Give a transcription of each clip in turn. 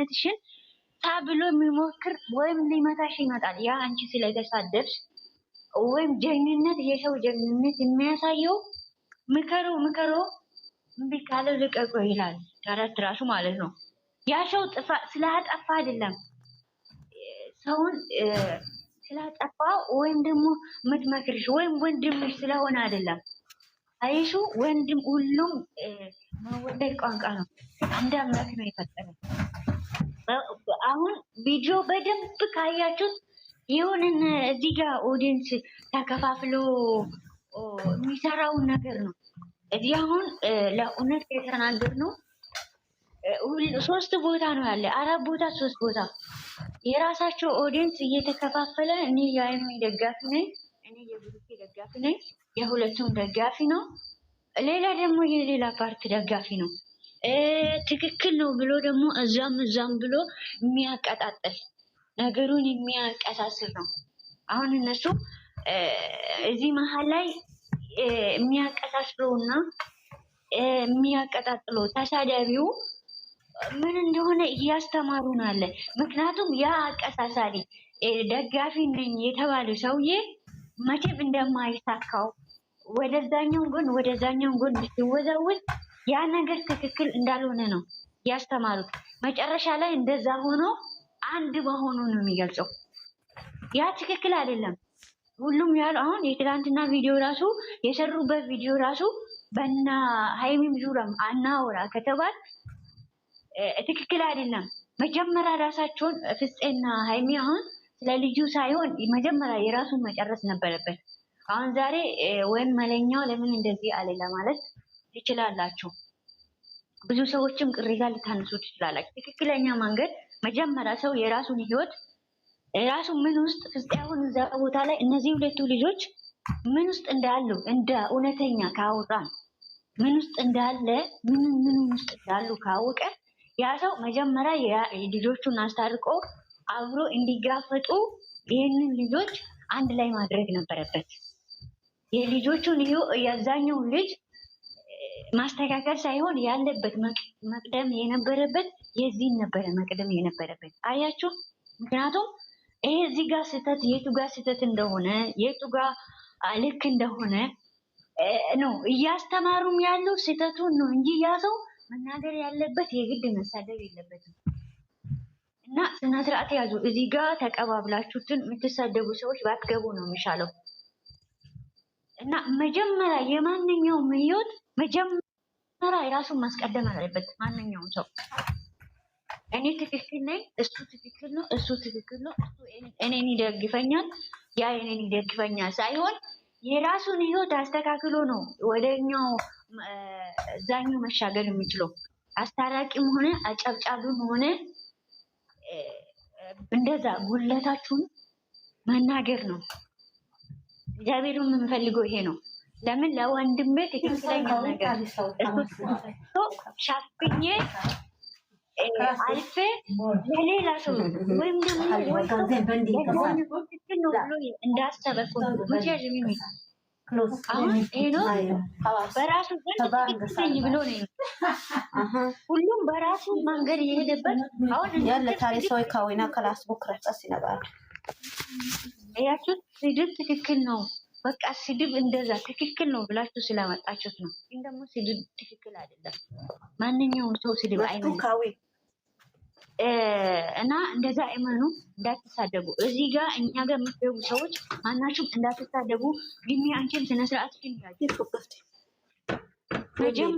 ማንነትሽን ታብሎ የሚሞክር ወይም ሊመታሽ ይመጣል። ያ አንቺ ስለተሳደብሽ ወይም ጀግንነት የሰው ጀግንነት የሚያሳየው ምከሮ ምከሮ እምቢ ካለ ልቀቆ ይላል። ተረት ራሱ ማለት ነው። ያ ሰው ጥፋ ስላጠፋ አይደለም ሰውን ስላጠፋ ወይም ደግሞ ምትመክርሽ ወይም ወንድምሽ ስለሆነ አይደለም። አይሹ ወንድም ሁሉም መወደድ ቋንቋ ነው። አንድ አምላክ ነው የፈጠረው። አሁን ቪዲዮ በደንብ ካያችሁት የሆነን እዚህ ጋር ኦዲየንስ ተከፋፍሎ የሚሰራው ነገር ነው። እዚህ አሁን ለእውነት የተናገር ነው። ሶስት ቦታ ነው ያለ፣ አራት ቦታ፣ ሶስት ቦታ የራሳቸው ኦዲየንስ እየተከፋፈለ እኔ የአይኑ ደጋፊ ነኝ፣ እኔ የብሩኬ ደጋፊ ነኝ፣ የሁለቱም ደጋፊ ነው። ሌላ ደግሞ የሌላ ፓርት ደጋፊ ነው። ትክክል ነው ብሎ ደግሞ እዛም እዛም ብሎ የሚያቀጣጥል ነገሩን የሚያቀሳስር ነው። አሁን እነሱ እዚህ መሀል ላይ የሚያቀሳስረውና የሚያቀጣጥለው ተሳዳቢው ምን እንደሆነ እያስተማሩን አለ። ምክንያቱም ያ አቀሳሳሪ ደጋፊ ነኝ የተባለ ሰውዬ መቼም እንደማይሳካው ወደዛኛው ጎን ወደዛኛው ጎን ሲወዛወዝ ያ ነገር ትክክል እንዳልሆነ ነው ያስተማሩት። መጨረሻ ላይ እንደዛ ሆኖ አንድ መሆኑ ነው የሚገልጸው። ያ ትክክል አይደለም። ሁሉም ያሉ አሁን የትላንትና ቪዲዮ ራሱ የሰሩበት ቪዲዮ ራሱ በና ሀይሚም ዙረም አናወራ ከተባል ትክክል አይደለም። መጀመሪያ ራሳቸውን ፍፄና ሀይሚ አሁን ስለ ልጁ ሳይሆን መጀመሪያ የራሱን መጨረስ ነበረበት። አሁን ዛሬ ወይም መለኛው ለምን እንደዚህ አለ ለማለት ትችላላችሁ። ብዙ ሰዎችም ቅሬታ ልታነሱ ትችላላችሁ። ትክክለኛ መንገድ መጀመሪያ ሰው የራሱን ህይወት የራሱ ምን ውስጥ እስካሁን እዛ ቦታ ላይ እነዚህ ሁለቱ ልጆች ምን ውስጥ እንዳሉ እንደ እውነተኛ ካወራን ምን ውስጥ እንዳለ ምን ምን ውስጥ እንዳሉ ካወቀ ያ ሰው መጀመሪያ ልጆቹን አስታርቆ አብሮ እንዲጋፈጡ ይህንን ልጆች አንድ ላይ ማድረግ ነበረበት። የልጆቹን የዛኛውን ልጅ ማስተካከል ሳይሆን ያለበት መቅደም የነበረበት የዚህን ነበረ መቅደም የነበረበት አያችሁ። ምክንያቱም ይሄ እዚህ ጋር ስህተት የቱ ጋር ስህተት እንደሆነ የቱ ጋር ልክ እንደሆነ ነው እያስተማሩም ያለው ስህተቱን ነው እንጂ ያሰው መናገር ያለበት የግድ መሳደብ የለበትም። እና ስነ ስርዓት ያዙ። እዚህ ጋር ተቀባብላችሁትን የምትሳደቡ ሰዎች ባትገቡ ነው የሚሻለው። እና መጀመሪያ የማንኛውም ህይወት መጀመሪያ የራሱን ማስቀደም አለበት። ማንኛውም ሰው እኔ ትክክል ነኝ፣ እሱ ትክክል ነው፣ እሱ ትክክል ነው፣ እሱ እኔን ይደግፈኛል፣ ያ እኔን ይደግፈኛል ሳይሆን የራሱን ህይወት አስተካክሎ ነው ወደኛው እዛኛው መሻገር የሚችለው። አስታራቂም ሆነ አጨብጫብም ሆነ እንደዛ ጉለታችሁን መናገር ነው። እግዚአብሔር የምንፈልገው ይሄ ነው። ለምን ለወንድሜ ትክክለኛ ነገር ሻፍኜ አልፌ ለሌላ ሰው ወይም ደግሞ ትክክል ነው ብሎ እንዳሰበኩ ምክንያቱም አሁን ሄኖክ በራሱ ዘንድ ብሎ ነው። ሁሉም በራሱ መንገድ እየሄደበት አሁን ያለ ታሪክ ሰው ከወይና ከላስ ቦክረጸስ ይነባል ያችሁት ስድብ ትክክል ነው። በቃ ስድብ እንደዛ ትክክል ነው ብላችሁ ስለመጣችሁት ነው። ግን ደግሞ ስድብ ትክክል አይደለም። ማንኛውም ሰው ስድብ አይመካዊ እና እንደዛ አይመኑ፣ እንዳትሳደቡ። እዚህ ጋር እኛ ጋር የምትገቡ ሰዎች ማናችሁም እንዳትሳደቡ። ግን አንቺም ስነ ግን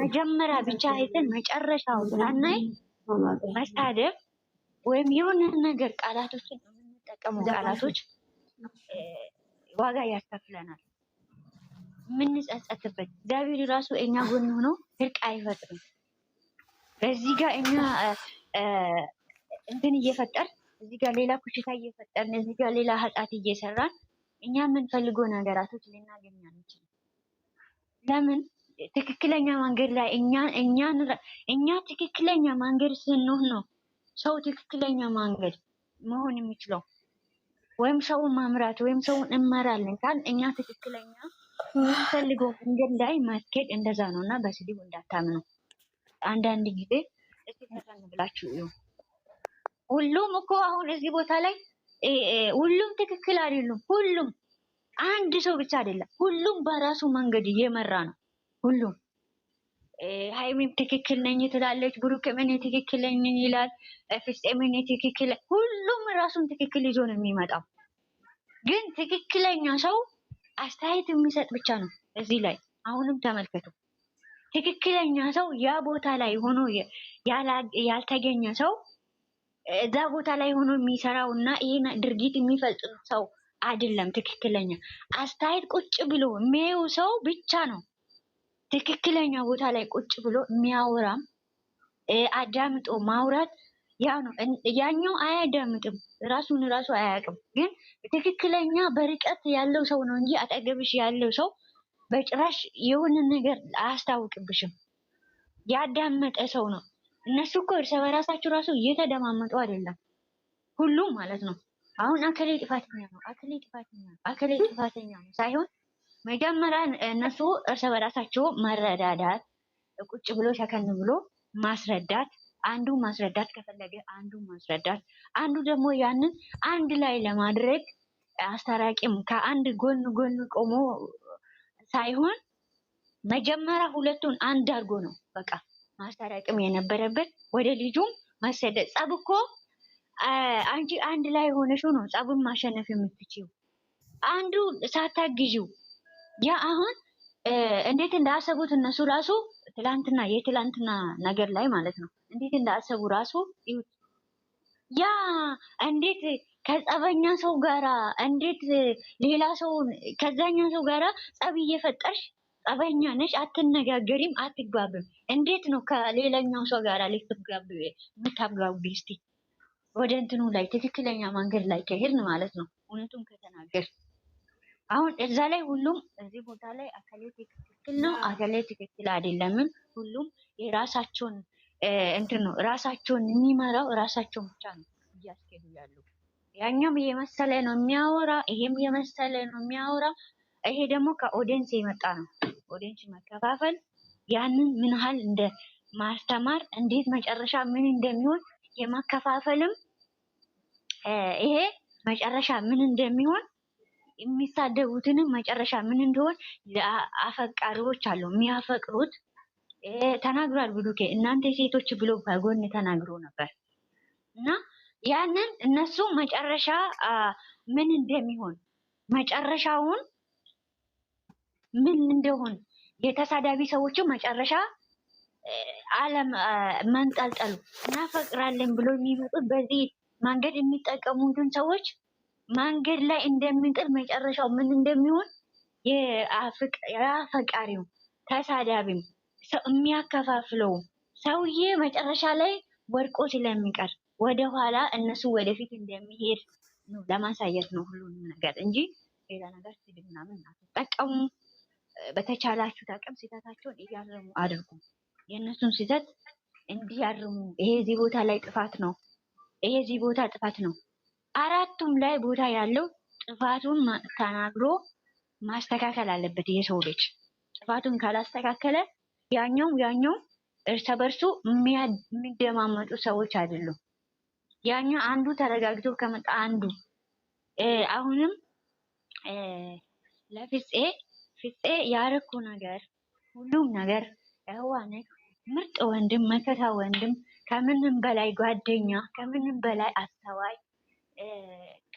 መጀመሪያ ብቻ አይተን መጨረሻው ሳናይ መሳደብ ወይም የሆነ ነገር ቃላቶችን የሚጠቀሙ ቃላቶች ዋጋ ያስከፍለናል። የምንጸጸትበት እግዚአብሔር ራሱ እኛ ጎን ሆኖ እርቅ አይፈጥርም። በዚህ ጋር እኛ እንትን እየፈጠር እዚህ ጋር ሌላ ኩሽታ እየፈጠርን እዚህ ጋር ሌላ ኃጢአት እየሰራን እኛ የምንፈልገው ነገራቶች ልናገኝ አንችልም። ለምን ትክክለኛ መንገድ ላይ እኛ ትክክለኛ መንገድ ስንሆን ነው ሰው ትክክለኛ መንገድ መሆን የሚችለው። ወይም ሰውን ማምራት ወይም ሰውን እመራለን ካል እኛ ትክክለኛ የሚፈልገው መንገድ ላይ ማስኬድ እንደዛ ነው እና በስድብ እንዳታምኑ። አንዳንድ ጊዜ እስቲ ፈተን ብላችሁ እዩ። ሁሉም እኮ አሁን እዚህ ቦታ ላይ ሁሉም ትክክል አይደሉም። ሁሉም አንድ ሰው ብቻ አይደለም። ሁሉም በራሱ መንገድ እየመራ ነው። ሁሉም ሀይሚም ትክክል ነኝ ትላለች። ብሩክም እኔ ትክክል ነኝ ይላል። ፍስጤም እኔ ትክክል፣ ሁሉም ራሱን ትክክል ይዞ ነው የሚመጣው። ግን ትክክለኛ ሰው አስተያየት የሚሰጥ ብቻ ነው። እዚህ ላይ አሁንም ተመልከቱ። ትክክለኛ ሰው ያ ቦታ ላይ ሆኖ ያልተገኘ ሰው እዛ ቦታ ላይ ሆኖ የሚሰራው እና ይሄን ድርጊት የሚፈጽም ሰው አይደለም። ትክክለኛ አስተያየት ቁጭ ብሎ የሚያየው ሰው ብቻ ነው ትክክለኛ ቦታ ላይ ቁጭ ብሎ የሚያወራም አዳምጦ ማውራት ያ ነው። ያኛው አያዳምጥም፣ ራሱን ራሱ አያውቅም። ግን ትክክለኛ በርቀት ያለው ሰው ነው እንጂ አጠገብሽ ያለው ሰው በጭራሽ የሆነ ነገር አያስታውቅብሽም። ያዳመጠ ሰው ነው። እነሱ እኮ እርሰ በራሳቸው ራሱ እየተደማመጡ አይደለም፣ ሁሉም ማለት ነው። አሁን አከሌ ጥፋተኛ ነው፣ አከሌ ጥፋተኛ ነው፣ አከሌ ጥፋተኛ ነው ሳይሆን መጀመሪያ እነሱ እርስ በራሳቸው መረዳዳት፣ ቁጭ ብሎ ሸከን ብሎ ማስረዳት፣ አንዱ ማስረዳት ከፈለገ አንዱ ማስረዳት፣ አንዱ ደግሞ ያንን አንድ ላይ ለማድረግ አስታራቂም ከአንድ ጎን ጎን ቆሞ ሳይሆን መጀመሪያ ሁለቱን አንድ አድርጎ ነው በቃ ማስታረቅም የነበረበት። ወደ ልጁም መሰደ ጸብ እኮ አንቺ አንድ ላይ ሆነሽ ነው ጸቡን ማሸነፍ የምትችው አንዱ ሳታግዢው ያ አሁን እንዴት እንዳሰቡት እነሱ ራሱ ትላንትና የትላንትና ነገር ላይ ማለት ነው እንዴት እንዳሰቡ ራሱ ይሁት ያ እንዴት ከጸበኛ ሰው ጋራ እንዴት ሌላ ሰውን ከዛኛ ሰው ጋራ ጸብ እየፈጠርሽ ጸበኛ ነሽ፣ አትነጋገሪም፣ አትግባብም። እንዴት ነው ከሌላኛው ሰው ጋራ ልትጋብ የምታጋቢ? እስቲ ወደ እንትኑ ላይ ትክክለኛ መንገድ ላይ ከሄድን ማለት ነው እውነቱን ከተናገር አሁን እዛ ላይ ሁሉም እዚህ ቦታ ላይ አካሌ ትክክል ነው፣ አካሌ ትክክል አይደለምን? ሁሉም የራሳቸውን እንትን ነው ራሳቸውን የሚመራው ራሳቸውን ብቻ ነው እያስኬዱ ያሉ። ያኛም የመሰለ ነው የሚያወራ፣ ይሄም የመሰለ ነው የሚያወራ። ይሄ ደግሞ ከኦዲንስ የመጣ ነው። ኦዴንስ መከፋፈል ያንን ምን ያህል እንደ ማስተማር እንዴት መጨረሻ ምን እንደሚሆን የመከፋፈልም ይሄ መጨረሻ ምን እንደሚሆን የሚሳደቡትንም መጨረሻ ምን እንደሆን አፈቃሪዎች አሉ የሚያፈቅሩት ተናግሯል። ብዱኬ እናንተ ሴቶች ብሎ በጎን ተናግሮ ነበር እና ያንን እነሱ መጨረሻ ምን እንደሚሆን መጨረሻውን ምን እንደሆን የተሳዳቢ ሰዎች መጨረሻ አለም መንጠልጠሉ እናፈቅራለን ብሎ የሚመጡት በዚህ መንገድ የሚጠቀሙትን ሰዎች መንገድ ላይ እንደሚጥል መጨረሻው ምን እንደሚሆን የአፈቃሪው ተሳዳቢም ሰው የሚያከፋፍለው ሰውዬ መጨረሻ ላይ ወድቆ ስለሚቀር ወደኋላ እነሱ ወደፊት እንደሚሄድ ነው ለማሳየት ነው ሁሉንም ነገር እንጂ ሌላ ነገር ስድብ ምናምን አትጠቀሙ። በተቻላችሁ ታቅም ስህተታቸውን እያረሙ አድርጉ። የእነሱን ስህተት እንዲያርሙ። ይሄ እዚህ ቦታ ላይ ጥፋት ነው፣ ይሄ እዚህ ቦታ ጥፋት ነው አራቱም ላይ ቦታ ያለው ጥፋቱን ተናግሮ ማስተካከል አለበት። የሰው ልጅ ጥፋቱን ካላስተካከለ ያኛው ያኛው እርስ በርሱ የሚደማመጡ ሰዎች አይደሉም። ያኛው አንዱ ተረጋግቶ ከመጣ አንዱ አሁንም ለፍፄ ፍፄ ያረኩ ነገር ሁሉም ነገር እዋነ ምርጥ ወንድም መከታ ወንድም ከምንም በላይ ጓደኛ ከምንም በላይ አስተዋይ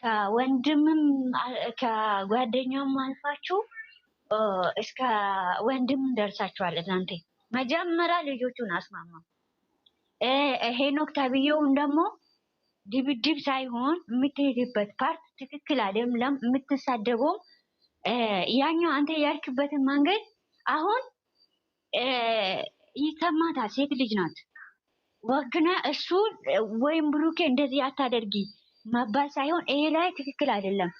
ከወንድምም ከጓደኛም አልፋችሁ እስከ ወንድም ደርሳችኋል። እናንተ መጀመሪያ ልጆቹን አስማማ። ሄኖክ ተብዬውን ደግሞ ድብድብ ሳይሆን የምትሄድበት ፓርት ትክክል አይደለም። የምትሳደበውም ያኛው አንተ ያልክበትን መንገድ አሁን ይሰማታል። ሴት ልጅ ናት ወግና እሱ ወይም ብሩኬ እንደዚህ አታደርጊ ማባል ሳይሆን ይሄ ላይ ትክክል አይደለም።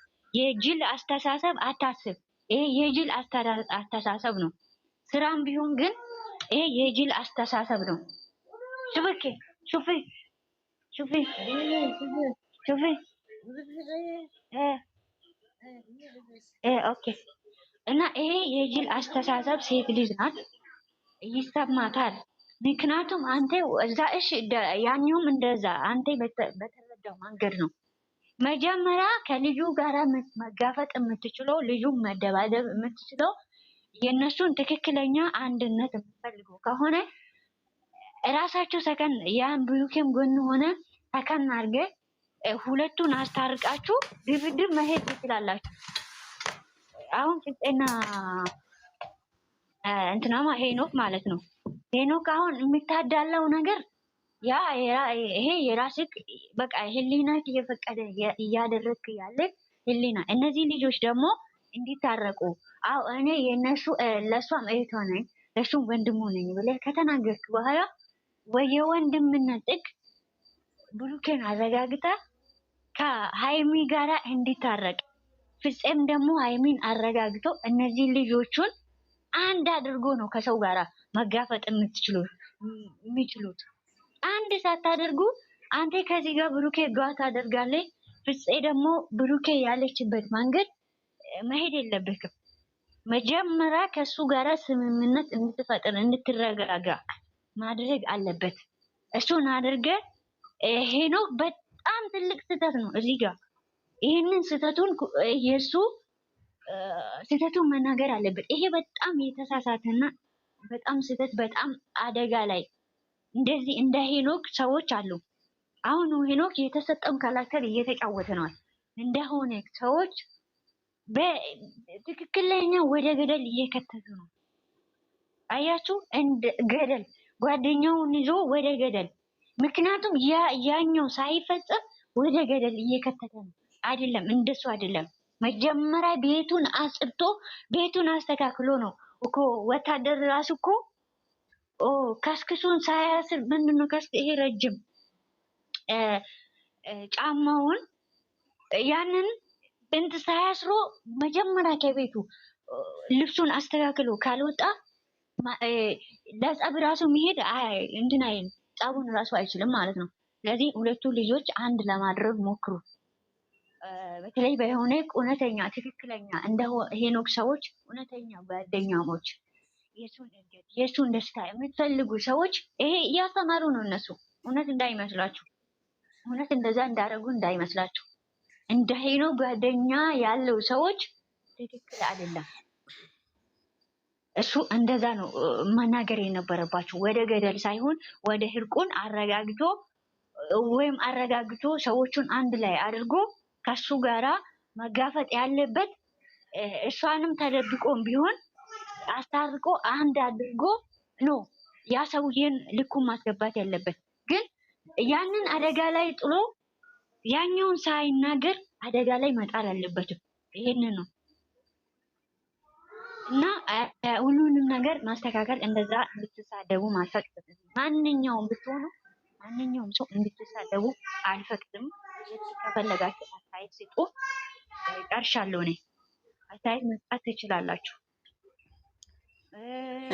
የጅል አስተሳሰብ አታስብ። ይሄ የጅል አስተሳሰብ ነው። ስራም ቢሆን ግን ይሄ የጅል አስተሳሰብ ነው። ሽብኬ ሹፊ ሹፊ ሹፊ ኦኬ። እና ይሄ የጅል አስተሳሰብ ሴት ልጅ ናት፣ ይሰማታል። ምክንያቱም አንተ እዛ እሺ፣ ያንንም እንደዛ አንተ በሚወደው መንገድ ነው። መጀመሪያ ከልጁ ጋር መጋፈጥ የምትችለው ልዩ መደባደብ የምትችለው የእነሱን ትክክለኛ አንድነት የምትፈልገው ከሆነ እራሳቸው ሰከን ያን ብሩኬም ጎን ሆነ ሰከን አድርገ ሁለቱን አስታርቃችሁ ድብድብ መሄድ ትችላላችሁ። አሁን ፍጤና እንትናማ ሄኖክ ማለት ነው። ሄኖክ አሁን የሚታዳለው ነገር ያ ይሄ የራስህ በቃ ህሊና እየፈቀደ እያደረግክ ያለ ህሊና። እነዚህ ልጆች ደግሞ እንዲታረቁ አው እኔ የነሱ ለእሷም እህቷ ነኝ ለእሱም ወንድሙ ነኝ ብለህ ከተናገርክ በኋላ ወየወንድምነት ጥግ ብሩኬን አረጋግታ ከሀይሚ ጋራ እንዲታረቅ ፍፄም ደግሞ ሀይሚን አረጋግቶ እነዚህ ልጆቹን አንድ አድርጎ ነው ከሰው ጋራ መጋፈጥ የምትችሉት የሚችሉት። አንድ ሳታደርጉ አንተ ከዚህ ጋር ብሩኬ ጓ ታደርጋለህ፣ ፍፄ ደግሞ ብሩኬ ያለችበት መንገድ መሄድ የለበትም። መጀመሪያ ከሱ ጋር ስምምነት እንድትፈጥር እንድትረጋጋ ማድረግ አለበት። እሱን አድርገ ሄኖክ በጣም ትልቅ ስህተት ነው እዚህ ጋር ይህንን ስህተቱን የእሱ ስህተቱን መናገር አለበት። ይሄ በጣም የተሳሳተና በጣም ስህተት በጣም አደጋ ላይ እንደዚህ እንደ ሄኖክ ሰዎች አሉ። አሁን ሄኖክ የተሰጠውን ካራክተር እየተጫወተ ነው። እንደሆነ ሰዎች በትክክለኛ ወደ ገደል እየከተቱ ነው። አያችሁ፣ እንደ ገደል ጓደኛውን ይዞ ወደ ገደል። ምክንያቱም ያ ያኛው ሳይፈጽም ወደ ገደል እየከተተ ነው። አይደለም፣ እንደሱ አይደለም። መጀመሪያ ቤቱን አጽድቶ ቤቱን አስተካክሎ ነው እኮ ወታደር ራሱ እኮ ኦ ከስክሱን ሳያስር ምንድን ነው ከስክ ይሄ ረጅም ጫማውን ያንን እንት ሳያስሮ መጀመሪያ ከቤቱ ልብሱን አስተካክሎ ካልወጣ ለጸብ ራሱ መሄድ እንትን አይል ጸቡን ራሱ አይችልም ማለት ነው። ስለዚህ ሁለቱ ልጆች አንድ ለማድረግ ሞክሩ። በተለይ በሆነ እውነተኛ ትክክለኛ እንደ ሄኖክ ሰዎች እውነተኛ ጓደኛሞች የእሱን እድገት የእሱን ደስታ የምትፈልጉ ሰዎች ይሄ እያስተማሩ ነው። እነሱ እውነት እንዳይመስላችሁ፣ እውነት እንደዛ እንዳደረጉ እንዳይመስላችሁ። እንደ ሄኖ ጓደኛ ያለው ሰዎች ትክክል አይደለም። እሱ እንደዛ ነው መናገር የነበረባቸው ወደ ገደል ሳይሆን ወደ ህርቁን አረጋግቶ ወይም አረጋግቶ ሰዎቹን አንድ ላይ አድርጎ ከሱ ጋራ መጋፈጥ ያለበት እሷንም ተደብቆም ቢሆን አስታርቆ አንድ አድርጎ ነው ያ ሰውዬን ልኩን ማስገባት ያለበት። ግን ያንን አደጋ ላይ ጥሎ ያኛውን ሳይናገር አደጋ ላይ መጣል አለበትም። ይህን ነው እና ሁሉንም ነገር ማስተካከል እንደዛ እንድትሳደቡ አልፈቅድም። ማንኛውም ብትሆኑ ማንኛውም ሰው እንድትሳደቡ አልፈቅድም። ከፈለጋችሁ አስተያየት ስጡ። ጨርሻለሁ። እኔ አስተያየት መስጠት ትችላላችሁ።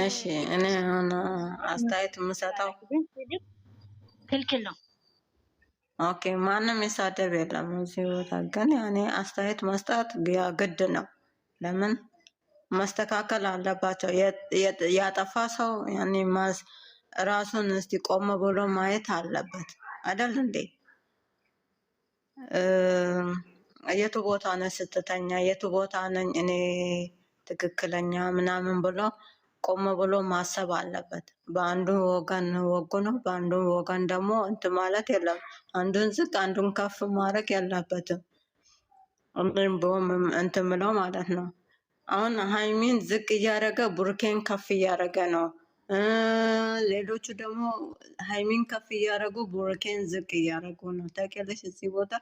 እሺ እኔ አሁን አስተያየት የምሰጠው ክልክል ነው። ኦኬ ማንም ይሳደብ የለም እዚህ ቦታ ግን ያኔ አስተያየት መስጠት ግድ ነው። ለምን መስተካከል አለባቸው። ያጠፋ ሰው ያኔ ራሱን እስቲ ቆም ብሎ ማየት አለበት አይደል እንዴ? የቱ ቦታ ነ ስትተኛ? የቱ ቦታ ነኝ እኔ ትክክለኛ ምናምን ብሎ ቆም ብሎ ማሰብ አለበት። በአንዱ ወገን ወጉ ነው፣ በአንዱ ወገን ደግሞ እንት ማለት የለም። አንዱን ዝቅ አንዱን ከፍ ማድረግ የለበትም። ምን በምን ማለት ነው። አሁን ሀይሚን ዝቅ እያደረገ ቡርኬን ከፍ እያደረገ ነው። ሌሎቹ ደግሞ ሀይሚን ከፍ እያደረጉ ቡርኬን ዝቅ እያደረጉ ነው። ታውቂያለሽ እዚህ ቦታ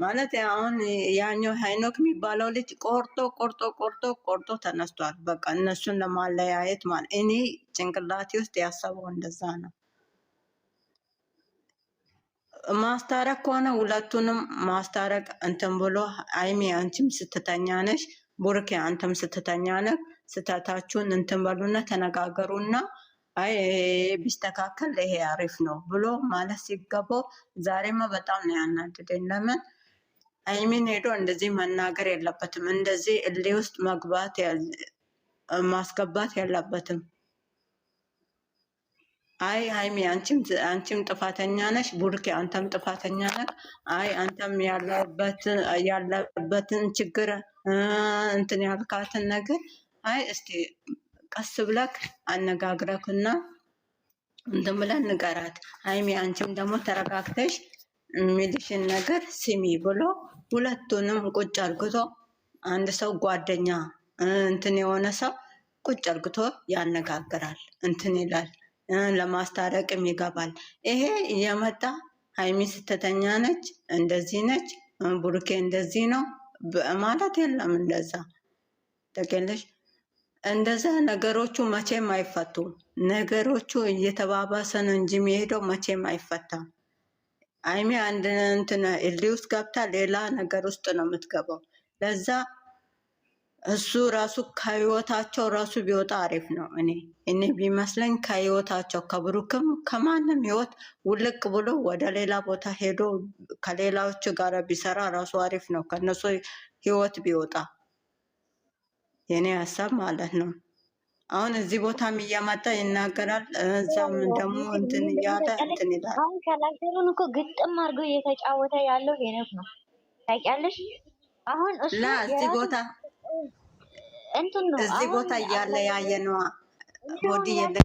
ማለት አሁን ያኛው ሃይኖክ የሚባለው ልጅ ቆርጦ ቆርጦ ቆርጦ ቆርጦ ተነስቷል። በቃ እነሱን ለማለያየት ማለት እኔ ጭንቅላቴ ውስጥ ያሰበው እንደዛ ነው። ማስታረቅ ከሆነ ሁለቱንም ማስታረቅ እንትን ብሎ አይሜ አንቺም ስትተኛ ነሽ፣ ቡርኬ አንተም ስትተኛ ነህ። ስተታችሁን እንትን በሉና ተነጋገሩና አይ ቢስተካከል ይሄ አሪፍ ነው ብሎ ማለት ሲገባው ዛሬማ በጣም ነው ያናድደኝ። ለምን ሀይሚን ሄዶ እንደዚህ መናገር የለበትም። እንደዚህ እሌ ውስጥ መግባት ማስገባት የለበትም። አይ ሀይሚ አንቺም ጥፋተኛ ነሽ፣ ቡርኬ አንተም ጥፋተኛ ነህ። አይ አንተም ያለበትን ችግር እንትን ያልካትን ነገር አይ እስቲ ቀስ ብለክ አነጋግረክና እንትን ብለን ንገራት። ሀይሚ አንቺም ደግሞ ተረጋግተሽ የሚልሽን ነገር ስሚ ብሎ ሁለቱንም ቁጭ አርግቶ አንድ ሰው ጓደኛ እንትን የሆነ ሰው ቁጭ አርግቶ ያነጋግራል፣ እንትን ይላል፣ ለማስታረቅም ይገባል። ይሄ የመጣ ሀይሚ ስተተኛ ነች፣ እንደዚህ ነች፣ ቡርኬ እንደዚህ ነው ማለት የለም። እንደዛ ተገለሽ እንደዛ ነገሮቹ መቼም አይፈቱም። ነገሮቹ እየተባባሰ ነው እንጂ የሚሄደው መቼም አይፈታም። አይሜ አንድ እንትን ውስጥ ገብታ ሌላ ነገር ውስጥ ነው የምትገባው። ለዛ እሱ ራሱ ከህይወታቸው ራሱ ቢወጣ አሪፍ ነው። እኔ እኔ ቢመስለኝ ከህይወታቸው ከብሩክም ከማንም ህይወት ውልቅ ብሎ ወደ ሌላ ቦታ ሄዶ ከሌላዎች ጋር ቢሰራ ራሱ አሪፍ ነው። ከነሱ ህይወት ቢወጣ የእኔ ሀሳብ ማለት ነው። አሁን እዚህ ቦታም እያመጣ ይናገራል። እዛም ደግሞ እንትን እያለ እንትን ይላል። አሁን ካራክተሩን እኮ ግጥም አድርገው እየተጫወተ ያለው ሄነት ነው። ታውቂያለሽ? አሁን እሱ እዚህ ቦታ እንትን ነው እዚህ ቦታ እያለ ያየ ነዋ ወዲ የለ